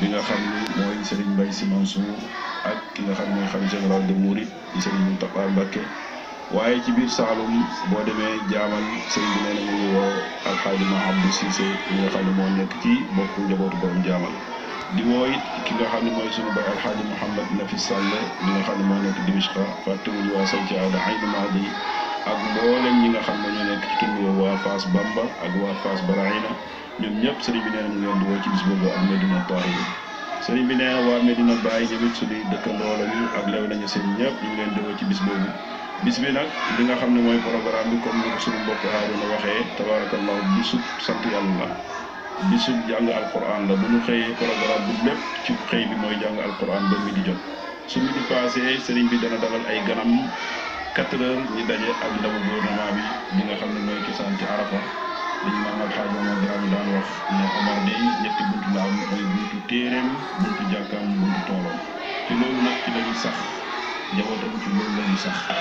bi nga xam ni mooy Serigne Mbaye Sy ak ki nga xam mooy xalifa général de Mouride di Serigne waaye ci biir Saalum boo demee jaamal sëñ bi nee na ñu ngi ne moo nekk ci bokku njabootu borom jaamal di woo it ki nga xam ne mooy sunu bay Alxaaji Mouhamed Nafis Sall mi nga xam ne moo nekk Dimishka fàttewuñu waa Santhiou Aida Aïnou Mahdi ak ñi nga xam ne ñoo nekk ci Bamba ak waa Fass Baraïna. ñoom ñëpp sëriñ bi neena mu leen di woo ci bis boobu ak medina yi sëriñ bi neena waa medina baay ñëwit suñuy dëkkandoo la ñu ak lew nañu seen ñëpp ñu ngi leen di woo ci bis boobu bis bi nag li nga xam ne mooy programme bi comme ni ko suñu mbokk aaruna waxee tabarakallahu bisub sant yàlla la bisub jàng alquran la bu ñu xëyee programme bu lépp ci xëy bi mooy jàng alquran ba midi jot su midi passé sëriñ bi dana dalal ay ganam 4 heures ñu daje ak ndawu gouvernement bi li nga xam ne mooy ci sant arafa xaaj Omar Dramé daan wax ne Omar day ñetti buntu la am mooy buntu téeréem buntu jàkkaam buntu toolam ci loolu nag ci lañu sax njabootam sax